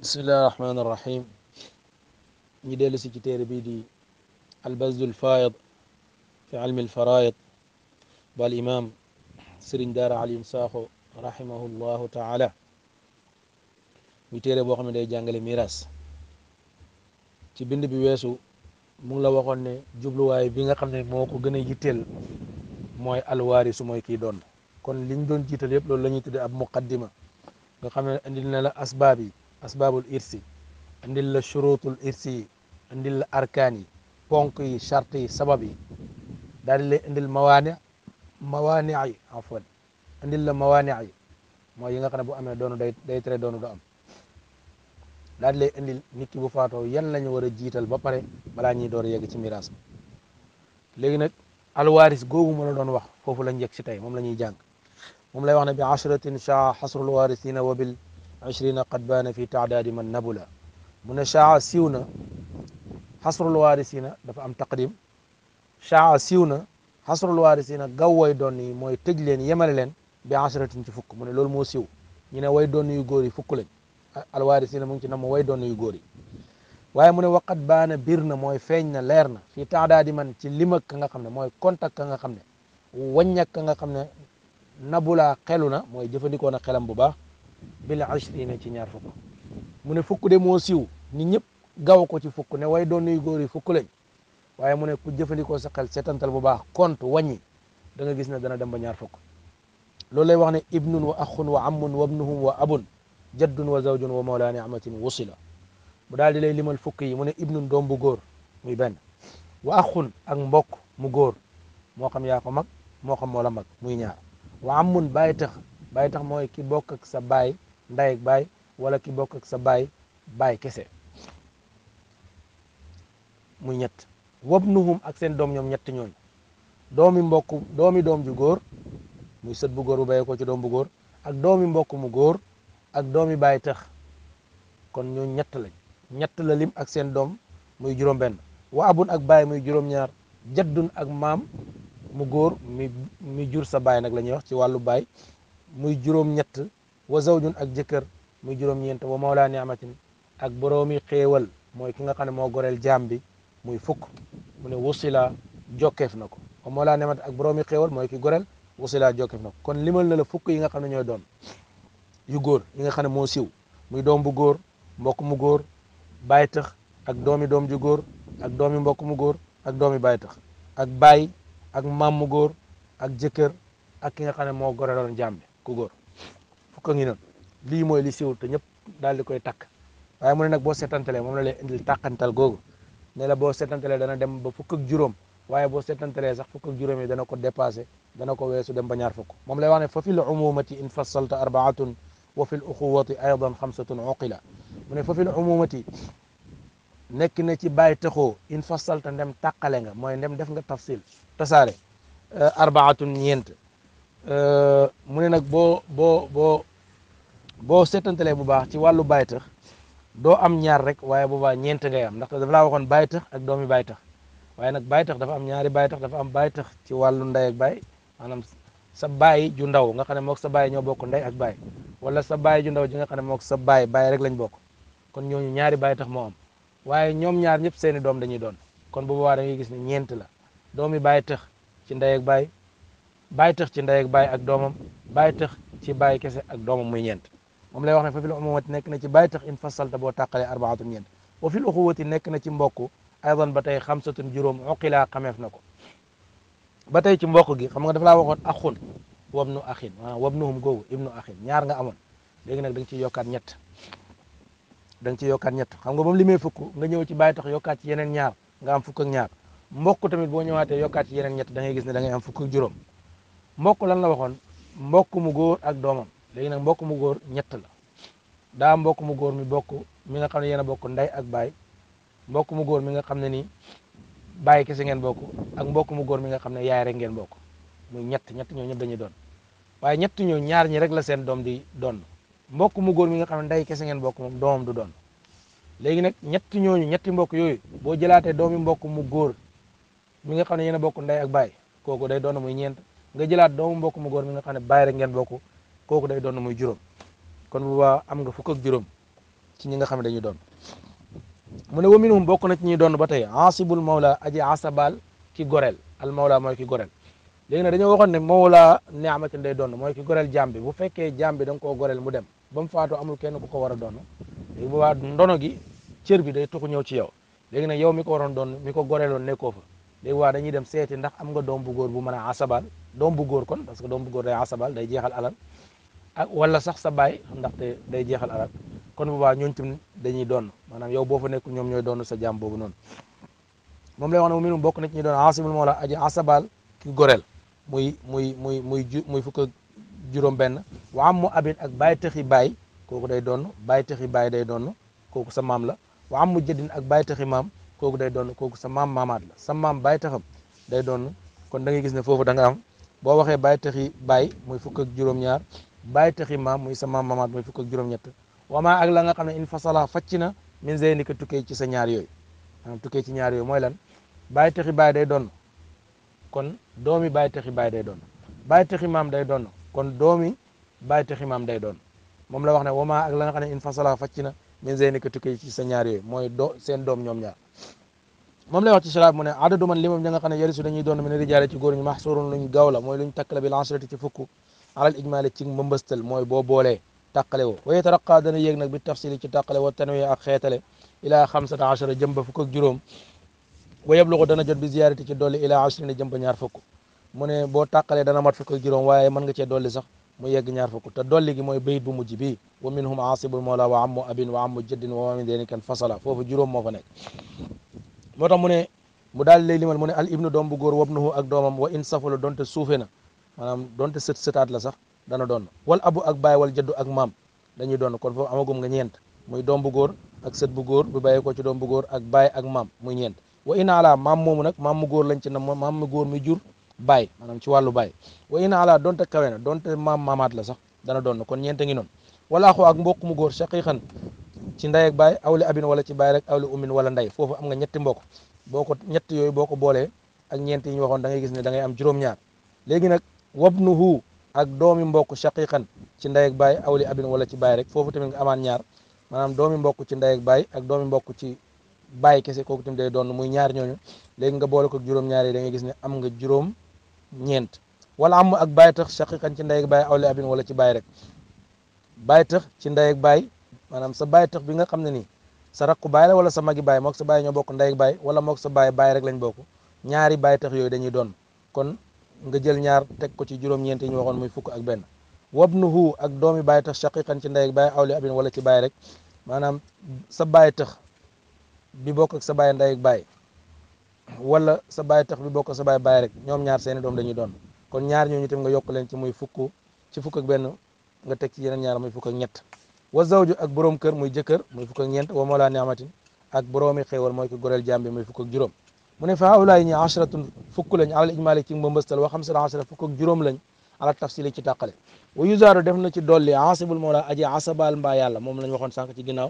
bismillahi rahmaani rahim ñi dellu ci téere bii di albazlu lfaid fi ilmi lfaraid ba al imam sëriñ daara aliyun saaxo rahimahu llahu taala muy téere boo xam ne day jàngale miras ci bind bi weesu mu ngi la waxoon ne jubluwaay bi nga xam ne moo ko gën a yitteel mooy alwaari su mooy kii doon kon liñ doon jiital yëpp loolu la ñuy tudde ab muqaddima nga xam ne indil na la asbaab yi asbaabul irsi indil la churutul irsi yi indil la arkaan yi ponk yi charte yi yi daal di indil mawaane mawaane yi en fait indil la mawaane yi mooy yi nga xam ne bu amee doonu day day tere doonu du am daal di indil nit ki bu faatoo yan la war a jiital ba pare balaa ñuy door a ci miraas bi léegi nag alwaaris googu ma la doon wax foofu lañ yegg si tey moom la ñuy jàng moom lay wax ne bi ashratin shaa xasrul waarisina wa bil ashrina qad baana fi taadaadi man nabula mu ne chaa na xasrul waarisina dafa am taqdim chaa siiw na xasrul waarisina gaw way doon yi mooy tëj leen yemale leen bi asratin ci fukk mu ne loolu moo siiw ñu ne way doon yu góor yi fukk lañ alwaarisina mu ngi ci nam way doon yu góor yi waaye mu ne waqat baana biir na mooy feeñ na leer na fii taadaadi man ci limag ka nga xam ne mooy contact ka nga xam ne waññak ka nga xam ne nabulaa xelu na mooy jëfandikoo na xelam bu baax bil ashrina ci ñaar fukk mu ne fukk de moo siiw nit ñëpp gaw ko ci fukk ne way doon nuy góor yi fukk lañ waaye mu ne ku jëfandikoo sa setantal bu baax kont wañi da gis ne dana dem ba ñaar fukk loolu lay wax ne ibnun wa axun wa ammun wa ibnuhum wa abun jaddun wa zawjun wa mawla niamatin wusila bu daal di lay limal fukk yi mu ne ibnun doom bu góor muy benn wa axun ak mbokk mu góor moo xam yaa mag moo xam moo la mag muy ñaar wa amun bàyyi tax baay tax mooy ki bokk ak sa baay ndey ak baay wala ki bokk ak sa baay baay kese muy ñett wabnuhum ak seen doom ñoom ñett ñooñu doomi mbokk doomi doom ju góor muy sët bu góor bu bayee ci doom bu góor ak doomi mbokk mu góor ak doomi baay tax kon ñoo ñett lañ ñett la lim ak seen doom muy juróom-benn wa abun ak baay muy juróom-ñaar jaddun ak maam mu góor mi jur sa baay nag lañuy wax ci wàllu baay muy juróom-ñett wa zawjun ak jëkkër muy juróom-ñeent wa mawla ni'matin ak boroomi xéewal mooy ki nga xam ne moo goreel jaam bi muy fukk mu ne wusila jokkeef na ko wa mawla niamatin ak boroomi xéewal mooy ki goreel wusila jokkeef na ko kon limal na la fukk yi nga xam ne ñooy doom yu góor yi nga xam ne moo siw muy doom bu góor mbokk mu góor bàyyi tax ak doomi doom ju góor ak doomi mbokk mu góor ak doomi bàyyi tax ak baay ak mam mu góor ak jëkkër ak ki nga xam ne moo goreeloon jaam bi ku góor fukk a ngi noonu lii mooy li siwul te ñëpp daal di koy takk waaye mu ne nag boo seetantalee moom la lay indil tàqantal googu ne la boo seetantalee dana dem ba fukk ak juróom waaye boo seetantalee sax fukk ak juróom yi dana ko dépassé dana ko weesu dem ba ñaar fukk moom lay wax ne fa fi l umumati in fassalta arbaatun wa fi l uxuwati aydan xamsatun uqila mu ne fa fi l umumati nekk na ci bàyyi taxoo in fassalta ndem tàqale nga mooy ndem def nga tafsil tasaare arbaatun ñeent Euh, mu ne nag boo boo boo boo seetantalee bu baax ci wàllu baytax doo am ñaar rek waaye boobaa ñeent ngay am ndax dafa laa waxoon baytax ak doomi baytax waaye nag baytax dafa am ñaari baytax dafa am baytax ci wàllu ndey ak baay sa baay ju ndaw nga xam ne mook sa baay ñoo bokk ndey ak baay wala sa baay ju ndaw ji nga xam ne mook sa baay baay rek lañ bokk kon ñooñu ñaari baytax moo am waaye ñoom ñaar ñëpp seeni doom dañuy doon kon bu waa da ngay gis ne ñeent la doomi baytax ci ndey ak baay bàyyi tëx ci ndey ak bàyyi ak doomam bàyyi tëx ci baay kese ak doomam muy ñeent moom lay wax ne fa fil umumati nekk na ci bàyyi tëx in fasalta boo tàqalee arbaatun ñeent wa fil uxuwati nekk na ci mbokk aydan ba tey xamsatun juróom uqilaa xameef na ko ba tey ci mbokk gi xam nga dafa laa waxoon axun wabnu axin maanaam wabnuhum googu ibnu axin ñaar nga amoon léegi nag da ciy yokkaat ñett da nga ciy yokkaat ñett xam nga moom limee fukk nga ñëw ci bàyyi tax yokkaat ci yeneen ñaar nga am fukk ak ñaar mbokk tamit boo ñëwaatee yokkaat ci yeneen ñett da ngay gis ne da ngay am fukk ak mbokk lan la waxoon mbokk mu góor ak doomam léegi nag mbokk mu góor ñett la daa mbokk mu góor mi bokk mi nga xam ne yéen a bokk ak baay mbokk mu góor mi nga xam ne nii baay kese ngeen bokk ak mbokk mu góor mi nga xam ne yaay rek ngeen bokk muy ñett ñett ñoo dañuy doon waaye ñett ñoo ñaar ñi rek la seen doom di doon mbokk mu góor mi nga xam ne ndey kese ngeen bokk moom doomam du doon léegi nag ñett ñooñu ñetti mbokk yooyu boo jëlaatee doomi mbokk mu góor mi nga xam ne yéen a bokk ndey ak baay kooku day doon muy ñeent nga jëlaat doomu mbokk mu góor mi nga xam ne bàyyi rek ngeen bokk kooku day doon muy juróom kon bu baax am nga fukk ak juróom ci ñi nga xam ne dañuy doon mu ne wa minhum bokk na ci ñuy doon ba tey asibul mawla aji asabal ki goreel al mawla mooy ki goreel léegi nag dañoo waxoon ne mawla neamatin day doon mooy ki goreel jaam bi bu fekkee jaam bi da nga koo goreel mu dem ba mu faatu amul kenn ku ko war a doon léegi ndono gi cër bi day tuxu ñëw ci yow léegi nag yow mi ko waroon doon mi ko goreeloon nekkoo dégg waa dañuy dem seeti ndax am nga doom bu góor bu mën a asabal doom bu góor kon parce que doom bu góor day asabal day jeexal alal ak wala sax sa baay ndaxte day jeexal alal kon bu baax ñooñu tamit dañuy doon maanaam yow boo fa nekk ñoom ñooy doon sa jaam boobu noonu moom lay wax ne mu minum bokk na ci ñu doon asibul moo la aji asabal ki goreel muy muy muy muy muy fukk ak juróom benn wa mu abin ak baay taxi baay kooku day doon baay taxi baay day doon kooku sa maam la waam mu jëddin ak baay taxi maam kooku day doon kooku sa maam maamaat la sa maam bàyyi taxam day doon kon da ngay gis ne foofu danga am boo waxee bàyyi taxi baay muy fukk ak juróom-ñaar baay taxi maam muy sa maam maamaat muy fukk ak juróom-ñett wamaa ak la nga xam ne in fasala facc na min zeyni ka tukkee ci sa ñaar yooyu maanaam tukkee ci ñaar yooyu mooy lan bàyyi taxi day doon kon doomi bàyyi taxi bàyyi day doon bàyyi taxi maam day doon kon doomi bàyyi taxi maam day doon moom la wax ne ak la nga xam ne in fasala facc na min zeyni ka tukkee ci sa ñaar yooyu mooy do seen doom ñoom ñaar mom lay wax ci sharab mo ne adadu man limam ña nga xam ne yarisu dañuy doon min rijaale ci góor ñu mahsurun luñu gawla moy luñu takal bi lancerati ci fukk alal ijmal ci mbëmbëstal moy bo bolé takalé wo way yataraqa dana yegg nak bi tafsil ci takalé wo tanwi ak xétalé ila 15 achara jëm ba fukk ak juróom wa yablugu dana jot bi ziyarati ci dolli ila 20 jëm ba ñaar fuk mu ne bo takalé dana mat fuk ak juróom waye man nga ci dolli sax mu yegg ñaar fuk ta dolli gi moy bayit bu mujj bi wa minhum asibul mawla wa ammu abin wa ammu jaddin wa min dhalika fasala fofu juróom mo fa nek moo tax mu ne mu daal lay limal mu ne al ibnu doom bu góor wabnuhu ak doomam wa in safala donte suufe na maanaam donte sët sëtaat la sax dana doon wal abu ak baay wal jaddu ak maam dañuy doon kon foofu amagum nga ñeent muy doom bu góor ak sët bu góor bu bàyyee ci doom bu góor ak baay ak maam muy ñeent wa in ala maam moomu nag maam mu góor lañ ci na maam góor mi jur baay maanaam ci wàllu baay wa in ala donte kawe donte maam maamaat la sax dana doon kon ñeent ngi noonu wala axu ak mbokk mu góor shaqiqan ci ndey baay aw li abin wala ci baay rek aw li ummin wala ndey foofu am nga ñetti mbokk boo ñett yooyu boo ko boolee ak ñeent yi ñu waxoon da ngay gis ne da am juróom léegi nag wabnuhu ak doomi mbokk shaqiqan ci ndey baay aw li abin wala ci baay rek foofu tamit nga amaan ñaar maanaam doomi mbokk ci ndey ak baay ak doomi ci baay kese kooku tamit day doon muy ñaar ñooñu léegi nga boole ko juróom-ñaar yi gis ne am nga juróom ñeent wala am ak baay tax ci ndey baay aw abin wala ci baay rek baay tax ci ndey baay maanaam sa baay tax bi nga xam ne ni sa rakku baay la wala sa magi baay mook sa baay ñoo bokk ndey baay wala mook sa baay baay rek lañ bokk ñaari baay tax yooyu dañuy doon kon nga jël ñaar teg ko ci juróom-ñeent yi waxoon muy fukk ak benn wabnuhu ak doomi baay tax shaqiqan ci ndey baay awli abin wala ci baay rek maanaam sa baay tax bi bokk sa baay ndey baay wala sa baay tax bi bokk sa baay baay rek ñoom ñaar seeni doom dañuy doon kon ñaar ñu tam nga yokk leen ci muy fukk ci fukk ak benn nga teg ci yeneen ñaar muy fukk ak ñett وزوج اك بروم كير موي جيكر موي فوك نينت ومولا نعمتين اك برومي خيوال موي كغورال جامبي موي فوك جوروم من فاولا ني 10 فوك لاني على الاجمال كي مبستل و 15 فوك جوروم لاني على التفصيل كي تاقال ويزار ديفنا سي دولي عاصب المولى اجي عصبال با يالا موم لاني وخون سانك سي غيناو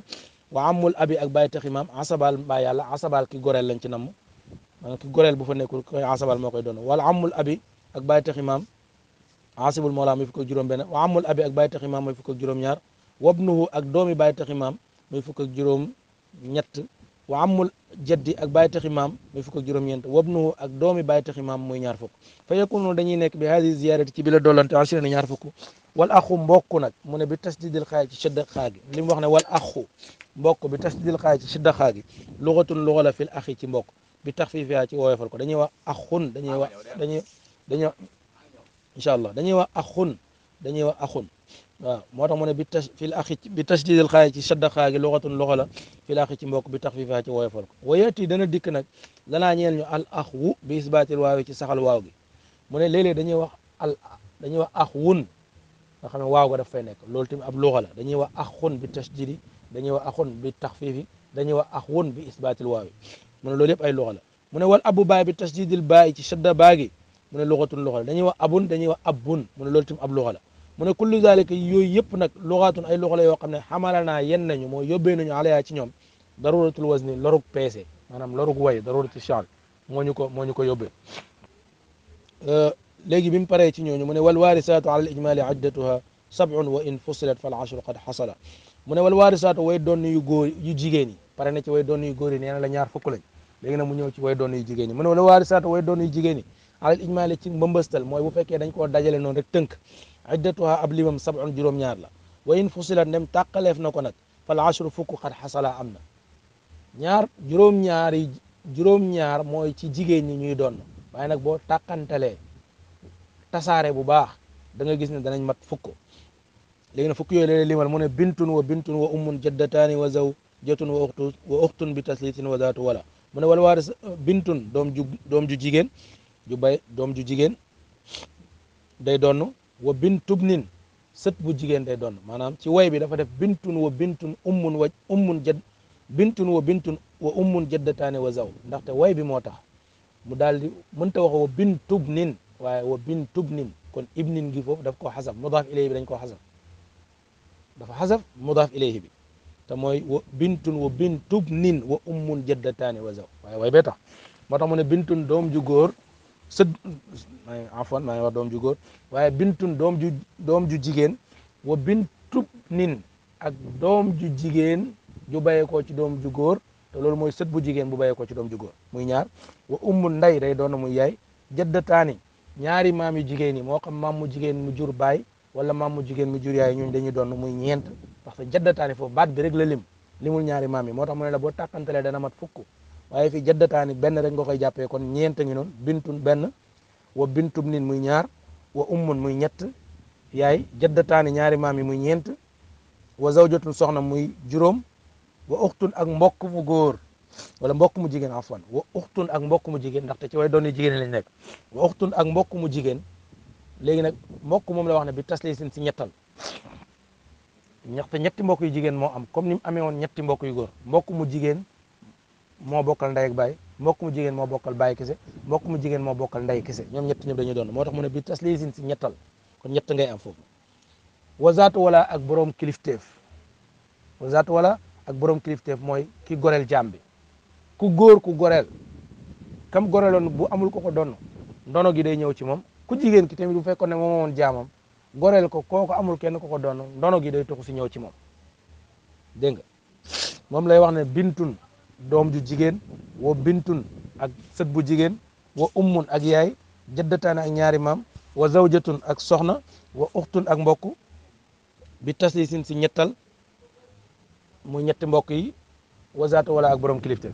وعمل ابي اك بايت خيمام عصبال با يالا عصبال كي غورال لاني نام مان كي غورال بو فا نيكول كي عصبال موكاي دون والعمل ابي اك بايت خيمام عاصب المولى موي فوك جوروم بن وعمل ابي اك بايت خيمام موي فوك جوروم نيار وابنه اك دومي بايت خيمام موي فوك جيروم نيت وعمل جدي اك بايت خيمام موي فوك جيروم نيت وابنه اك دومي بايت خيمام موي نيار فوك فيكون دا ني نيك بهذه الزياره تي بلا دولانت عشر نيار فوك والاخو مبوكو نك مون بي تسديد الخاي تي شد خاغي لي مخني والاخو مبوكو بي تسديد الخاي تي شد خاغي لغه لغه في الاخي تي مبوكو بي تخفيفها تي ويفال كو دا وا اخون دا ني وا دا ني ان شاء الله دا وا اخون دا وا اخون waaw moo tax mu ne bi tas fil axi bi tasdidil xaay ci sadda xaay gi loxatun loxo la fil axi ci mbokk bi tax fi faa ci woyofal ko wayati dana dikk nag lanaa ñeel ñu al axwu bi isbaatil waaw ci saxal waaw gi mu ne léeg-léeg dañuy wax al dañuy wax axwun nga xam ne waaw ga daf fay nekk loolu tamit ab loxo la dañuy wax axun bi tasdidi dañuy wax axun bi taxfiifi dañuy wax axwun bi isbaatil waaw mu ne loolu yëpp ay loxo la mu ne wal abu baay bi tasdidil baay ci sadda baa gi mu ne loxatun loxo la dañuy wax abun dañuy wax abun mu ne loolu tamit ab loxo la mu ne kullu zalika yooyu yëpp nag luxaatun ay luxa la yoo xam ne xamala naa yen nañu moo yóbbee nañu alayaa ci ñoom daruratul wasni lorug peese maanaam lorug way daruratul chan moo ñu ko moo ñu ko yóbbee euh, léegi bi mu paree ci ñooñu mu ne wal waarisaatu ala al ijmaali addatuha sabun wa in fusilat fal ashru qad xasala mu ne wal waarisaatu way doon yu góor yu jigéen yi pare na ci way doon yu góor yi nee na la ñaar fukk lañ léegi nag mu ñëw way doon yu jigéen yi mu ne wal waarisaatu way doon yu jigéen yi ala al bu fekkee dañ koo dajale noonu tënk iddatuha ab limam sabun juróom-ñaar la wa in fusilat ndem tàqaleef na ko nag fal ashru fukk xat xasala am na ñaar juróom-ñaar mooy ci jigéen ñi ñuy doon waaye nag boo tàqantalee tasaare bu baax danga gis ne danañ mat fukk léegi nag fukk yooyu la limal mu ne bintun wa bintun wa ummun jaddataani wa zaw jotun wa uxtu bi taslitin wa zaatu wala mu wal waaris bintun doom ju doom ju jigéen ju bay doom ju jigéen day donn wa bintubnin sët bu jigéen day doon maanaam ci way bi dafa def bintun wa bintun ummun wa ummun jad bintun wa bintun wa ummun jaddataane wa zaw ndaxte way bi moo tax mu daal di mënta wax wa bintubnin waaye wa bintubnin kon ibnin gi foofu daf koo xasaf mudaaf ilayhi bi dañ koo xasaf dafa xasaf mudaaf bi te mooy wa bintun wa bintubnin wa ummun jaddataane wa zaw waaye way bee tax moo tax mu ne bintun doom ju góor sët may afwan maa ngi wax doom ju góor waaye bintun doom ju doom ju jigéen wa bintub nin ak doom ju jigéen ju bàyyee koo ci doom ju góor te loolu mooy set bu jigéen bu bàyyee koo ci doom ju góor muy ñaar wa ummu nday day doon na muy yaay jaddataani ñaari maam yu jigéen yi moo xam maam mu jigéen mu jur baay wala maam mu jigéen mu jur yaay ñooñu dañuy doon muy ñeent parce que jaddataani foofu baat bi rek la lim limul ñaari maam yi moo tax mu ne la boo tàqantalee dana mat fukk waaye fii jaddataani benn rek nga koy jàppee kon ñeent ngi noon bintun benn wa bintub nin muy ñaar wa ummun muy ñett yaay jaddataani ñaari maam yi muy ñeent wa zawjatun soxna muy juróom wa uxtun ak mbokk mu góor wala mbokk mu jigéen afwan wa uxtun ak mbokk mu jigéen ndaxte ci way doon jigéen lañ nekk wa uxtun ak mbokk mu jigéen léegi nag mbokk moom la wax ne bi tasli sin si ñettal ñaxte ñetti mbokk yu jigéen moo am comme ni mu amee woon ñetti mbokk yu góor mbokk mu jigéen moo bokkal ndey baay mbokk mu jigéen moo bokkal baay kese mbokk mu jigéen bokkal ndey kese ñoom ñett ñëpp dañuy doon moo tax mu ne bi tas lii sin si ñettal kon ñett ngay am foofu wazaatu wala ak borom kilifteef wazaatu wala ak boroom kilifteef mooy ki goreel jaam bi ku góor ku goreel kam goreeloon bu amul ko ko donn ndono gi day ñëw ci moom ku jigéen ki tamit bu fekkoon ne moom woon jaamam goreel ko kooku amul kenn ko ko donn ndono gi day toxu si ñëw ci moom dégg nga moom lay wax ne bintun doom ju jigéen wa bintun ak sët bu jigéen wa ummun ak yaay jaddataan ak ñaari maam wa zawjatun ak soxna wa uxtun ak mbokk bi taslisin si ñettal muy ñetti mbokk yi wa zaatu wala ak borom kilifte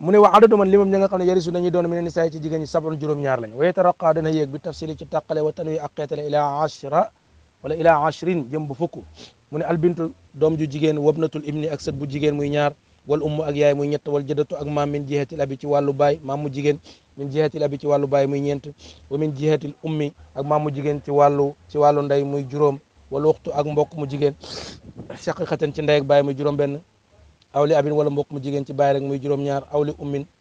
mu ne wa adadu man limam ña nga xam ne yarisu nañuy doon mi ne nisaay ci jigéen ñi sabon juróom-ñaar lañ wa yataraqa dana yéeg bi tafsili ci tàqale wa tanwi ak xeetale ila ashra wala ila ashrin jëm bu fukk mu ne albintu doom ju jigéen wabnatul ibni ak sët bu jigéen muy ñaar wal ummu ak yaay muy ñett wal jëddatu ak maam min jihatil abi ci wàllu baay maam mu jigéen min jihatil abi ci wàllu baay muy ñeent wa min jihatil ummi ak maam mu jigéen ci wàllu ci wàllu ndey muy juróom wal uxtu ak mbokk mu jigéen shaqiqatan ci ndey ak baay muy juróom benn awli abin wala mbokk mu jigéen ci baay rek muy juróom ñaar awli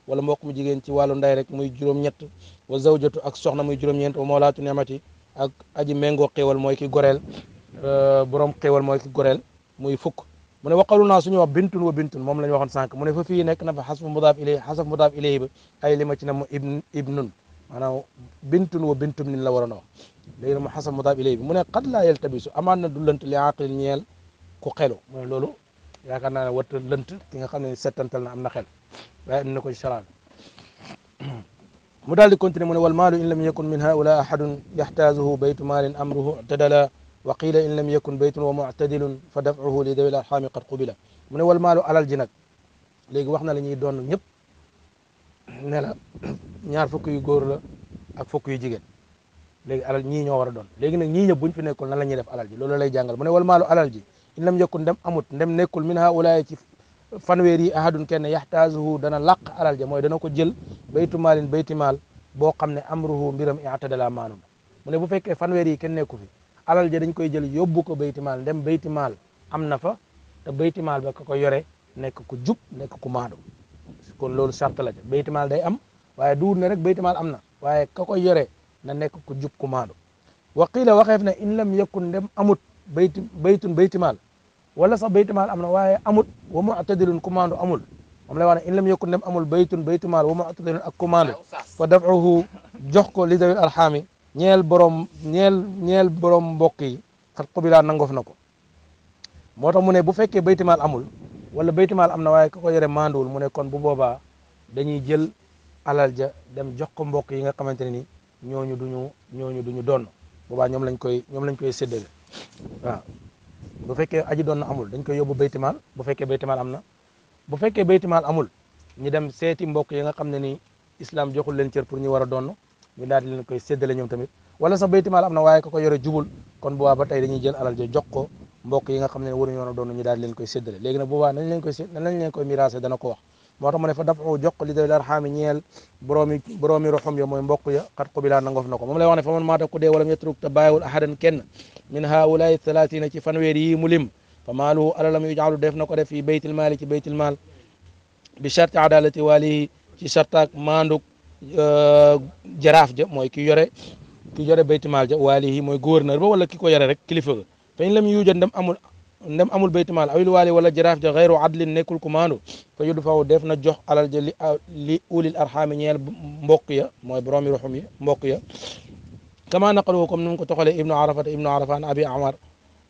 wala mbokk mu jigéen ndey rek muy juróom ñett wa zawjatu ak soxna muy juróom ñeent wa mawlaatu ni'mati ak aji méngoo xéewal mooy ki goreel euh, borom xéewal mooy ki goreel muy fukk mu ne waqalu naa suñu wax bintun wa bintun moom la ñu waxoon sànq mu ne fa fii nekk na fa xasfu mudaaf ilayhi xasaf mudaaf ilayhi ba ay li ma ci na mu ibn ibnun maanaam bintun wa bintum nin la waroon a wax léegi nag mu xasaf mudaaf ilayhi bi mu ne qad laa yaltabisu amaan na du lënt li aqil ñeel ku xelu mu ne loolu yaakaar naa ne warta lënt ki nga xam ne settantal na am na xel waaye am na ko ci saraan mu daal di continuer mu ne wal maalu in lam yakun min haula ahadun yaxtaazuhu baytu maalin amruhu tadala wa qiila in lam yakun baytun wa muctadilun fa dafcuhu li dawil arxaami qad qubila mu ne wal maalu alal ji nag léegi wax na la ñuy doon ñëpp ne la ñaar fukk yu góor la ak fukk yu jigéen léegi alal ñii ñoo war doon léegi nag ñii ñëpp buñ fi nekkul nan la ñuy def alal ji loolu lay jàngal mu ne wal maalu alal ji in lam yakun ndem amut ndem nekkul min haulaay ci fanweer yi ahadun kenn yaxtaazuhu dana làq alal ja mooy dana ko jël baytu maalin bayti mal boo xam ne amruhu mbiram i'tadala maanum mu ne bu fekkee fanweer yi kenn nekku fi alal ja dañ koy jël yóbbu ko mal dem baytimaal am na fa te mal ba ko ko yore nek ko jub nek ko maadu kon lolu sart la ca mal day am waye duur ne rek baytimaal mal amna waye ka ko yore na ko ku ko ku wa qila wa khafna in lam yakun dem amut bayti baytun mal wala sa baytimaal mal amna waye amut wa mu'tadilun ko maandu amul moom lay wax in lam yakun dem amul baytun mal wa mu'tadilun ak ko maandu fa daf'uhu jox ko li dawil arxaami ñeel borom ñeel ñeel borom mbokk yi xat xubilaa nangof na ko moo tax mu ne bu fekkee baytimaal amul wala baytimaal am na waaye ka ko yore maanduwul mu ne kon bu boobaa dañuy jël alal ja dem jox ko mbokk yi nga xamante ne ni ñooñu duñu ñooñu duñu doon boobaa ñoom lañ koy ñoom lañ koy séddale bu fekkee aji doon na amul dañ koy yóbbu baytimaal bu fekkee baytimaal am na bu fekkee baytimaal amul ñu dem seeti mbokk yi nga xam ne ni islam joxul leen cër pour ñu war a doon ñu daal di leen koy séddale ñoom tamit wala sax baytimaal am na waaye ko ko yore jubul kon boobaa ba tey dañuy jël alal jo jox ko yi nga xam ne waruñu woon a doon ñu daal leen koy séddale léegi nag boobaa nañ leen koy leen koy miraase dana ko wax moo tax ne fa dafa jox li dal arxaami ñeel boroomi boroomi roxum ya mooy mbokk ya xat xubilaa nangof na ko moom lay wax fa man maata ku dee wala yetruk te bàyyiwul ahadan kenn min haulaay thalathina ci fanweer yi جراف موي كي يوري كي يوري بيت مال جا والي موي غورنر با ولا كيكو يوري رك كليفا فين لم يوجد ندم امول ندم امول بيت مال اوي الوالي ولا جراف جا غير عدل نيكول كوماندو فيدفع ديفنا جوخ على لي اولي الارحام نيال مبوكيا موي برومي روحمي مبوكيا كما نقلوكم نكو تخل ابن عرفه ابن عرفان ابي عمر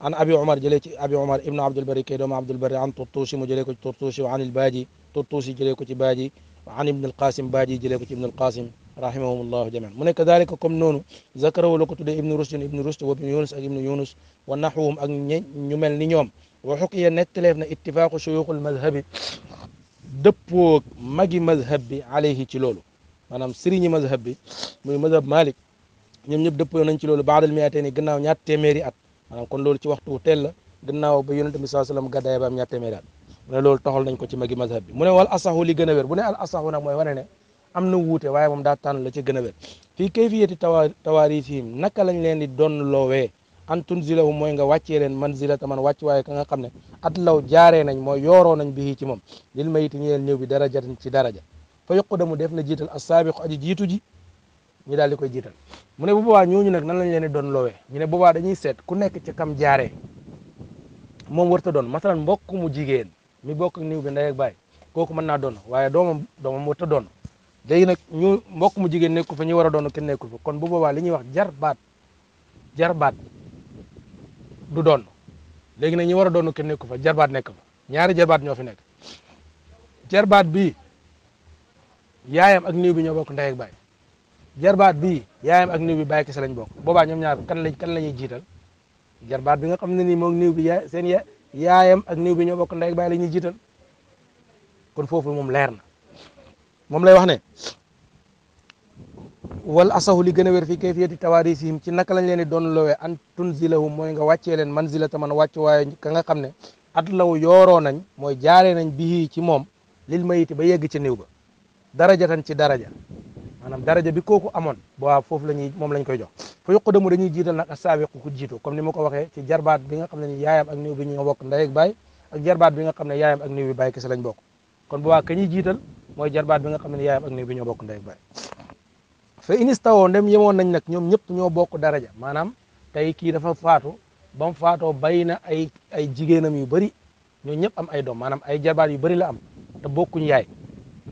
عن ابي عمر جليتي ابي عمر ابن عبد البري كيدوم عبد البري عن طرطوسي مجليكو طرطوسي وعن الباجي طرطوسي جليكو تي باجي عن ابن القاسم باجي جلبت ابن القاسم رحمه الله جميعا من كذلك كم نونو ذكروا لك تدي ابن رشد ابن رشد وابن يونس ابن يونس ونحوهم اك نيومل ني نيوم وحقي نتلفنا اتفاق شيوخ المذهب دبوك ماجي مذهبي عليه تي لولو مانام سيرني مذهبي موي مذهب مالك نيم نيب دبو نان تي لولو بعد ال 200 غناو نيات تيميري ات مانام كون لولو تي وقتو تيل غناو با يونس بن صلى الله عليه وسلم غداي بام نيات تيميري mu loolu toxal nañ ko ci magi mazhab bi mu ne wal asaxu li gën a wér bu ne al asaxu nag mooy wane ne am na wuute waaye moom daa tànn la ci gën a wér fii kayfiyati tawa tawarisihim naka lañ leen di doon loowee an tunzilahu mooy nga wàccee leen manzilata man wàcc waaye ka nga xam ne at law jaaree nañ mooy yooroo nañ bii ci moom lil mayiti ñeel ñëw bi darajatin ci daraja fa yuqdamu def na jiital ko aji jiitu ji ñu daal di koy jiital mu ne bu boobaa ñooñu nag nan lañ leen di doon loowee ñu ne boobaa dañuy seet ku nekk ci kam jaaree moom warta doon masalan mbokk mu jigéen mi bokk ak niw bi ndey ak baay kooku mën naa doon waaye doomam doomam wata doon léegi nag ñu mbokk mu jigéen nekku fa ñu war a doon kenn nekkul fa kon bu boobaa li ñuy wax jar baat jar du doon léegi nag ñu war a doon kenn fa jarbaat nekk fa ñaari jarbaat ñoo fi nekk jarbaat bi yaayam ak niw bi ñoo bokk nda ak baay jarbaat bi yaayam ak niw bi baay kese lañ bokk booba ñoom ñaar kan lañ kan la ñuy jiital jarbaat bi nga xam ne nii moom niw bi yaay seen yaay yaayam ak niw bi ñoo bokk ndey ak baay la ñuy jiital kon foofu moom leer na moom lay wax ne wal asahu li gën a wér fi kayfiyati tawarisihim ci naka lañ leen di doon loowee an tunzilahum mooy nga wàccee leen manzilata man wàcc waaye ka nga xam ne at law yooroo nañ mooy jaaree nañ bi ci moom lil mayiti ba yegg ci niw ba darajatan ci daraja maanaam daraja bi kooku amoon waaw foofu la ñuy moom lañ koy jox fa yuqdamu dañuy jiital nag asaabiqu ku jiitu comme ni ma ko waxee ci jarbaat bi nga xam ne ni yaayam ak néew bi ñu bokk ndey baay ak jarbaat bi nga xam ne yaayam ak néew bi baay kese bokk kon bu waa ka jiital mooy jarbaat bi nga xam ne yaayam ak néew bi ñoo bokk ndey ak baay fa inistawoo ndem yemoon nañ nag ñoom ñëpp ñoo bokk daraja maanaam tey kii dafa faatu ba faatoo bay na ay ay jigéenam yu bëri ñoo ñëpp am ay doom maanaam ay jarbaat yu bëri la am te bokkuñ yaay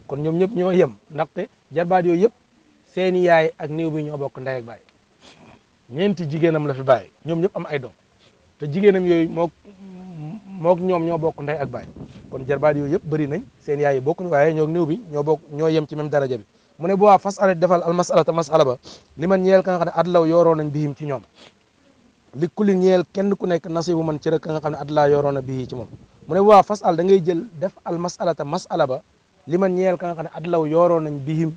kon ñoom ñëpp ñoo yem ndaxte jarbaat yëpp seeni yaay ak néew bi ñoo bokk ndey ak baay ñeenti jigéenam la fi bàyyi ñoom ñëpp am ay doom te jigéenam yooyu mook mook ñoom ñoo bokk ndey ak baay kon jarbaat yooyu yëpp bëri nañ seen yaay yi bokkuñ waaye ñoo néew bi ñoo bokk ñoo yem ci même daraja bi mu ne bu waa fas ale defal al masala te masala ba li man ñeel ka nga xam ne nañ bihim ci ñoom li kulli kenn ku nekk nasibu man ci rek ne adlaa yooroon na ci moom mu ne waa fas al da jël def al masala te masala ba li man ñeel ka nga xam ne atlaw yooroon bihim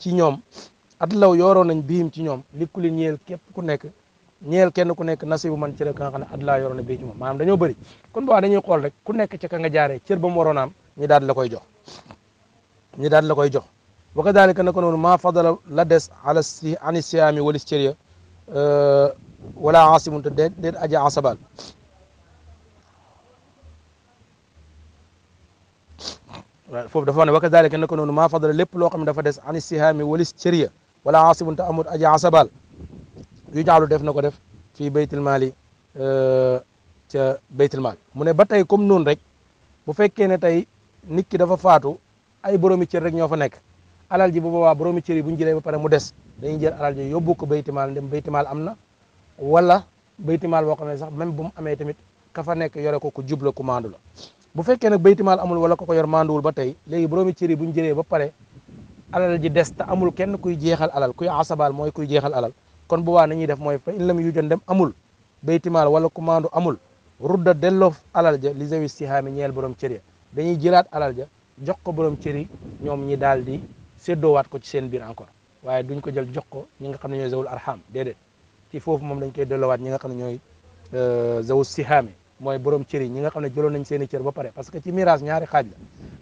ci ñoom atlaw yooroon nañ bihim ci ñoom li ku li ñeel képp ku nekk ñeel kenn ku nekk nasibu man cër ka nga xam ne atlaw yooroon na bii ci moom maanaam dañoo bëri kon boo dañuy xool rek ku nekk ci ka nga jaaree cër ba mu waroon am ñi daal la koy jox ñi daal la koy jox wa kadalika naka noonu maa fadala la des ala si ani siyaami euh, wala si cër ya wala asimun te déet aja asabal foofu dafa wax ne wa kadalika naka noonu maa fadala lépp loo xam ne dafa des an istihaami walis cëriya wala asibun amut aji asabal yu jaalu def na ko def fii baytil maali euh, ca baytil maal mu ne ba tey comme noonu rek bu fekkee ne tey nit ki dafa faatu ay boromi cër rek ñoo fa nekk alal ji bu boobaa boromi cër yi bu ñu jëlee ba pare mu des dañuy jël alal ji yóbbu ko baytil maal ndem am na wala baytil maal boo xam ne sax même bu mu amee tamit ka fa nekk yore ko ku jubla ku maandu bu fekkee nag baytimaal amul wala ko ko yor manduwul ba tey léegi boroomi cër yi bu ba pare alal ji des te amul kenn kuy jeexal alal kuy asabaal mooy kuy jeexal alal kon bu waa nañuy def mooy fa in lam yu jon dem amul baytimaal wala ku mandu amul rudda delloof alal ja li zawi sihaami ñeel borom cër ya dañuy jëlaat alal ja jox ko borom cër yi ñoom ñi daal di waat ko ci seen biir encore waaye duñ ko jël jox ko ñi nga xam ne ñooy zawul arham déedéet ci foofu moom dañ koy delloowaat ñi nga xam ne ñooy euh, zawu sihaami mooy borom cër yi ñi nga xam ne jëloon nañ seen i cër ba pare parce que ci miraas ñaari xaaj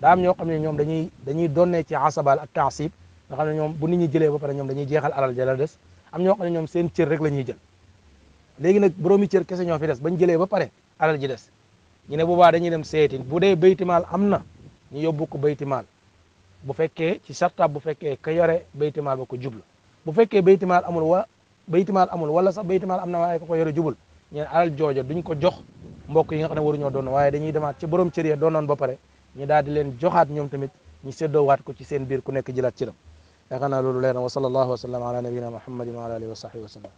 la am ñoo xam ne ñoom dañuy dañuy donnee ci asabal ak taasib nga xam ne ñoom bu nit ñi jëlee ba pare ñoom dañuy jeexal alal jala des am ñoo xam ne ñoom seen cër rek la ñuy jël léegi nag boroomi cër kese ñoo fi des bañ jëlee ba pare alal ji des ñu ne boobaa dañuy dem seeti bu dee baytimaal am na ñu yóbbu ko baytimaal bu fekkee ci sartab bu fekkee ka yore baytimaal ba ko jublu bu fekkee baytimaal amul wa baytimaal amul wala sax baytimaal am na waaye ko ko yore jubul ñeen alal jooja duñ ko jox mbokk yi nga xam ne waruñoo doon waaye dañuy demaat ci borom cër ya doonoon ba pare ñu daal di leen joxaat ñoom tamit ñu séddoowaat ko ci seen biir ku nekk jëlaat cëram yaakaar naa loolu leer na wa sallallahu wa sallam ala nabiyina muhammadin wa ala wa sahbihi wa sallam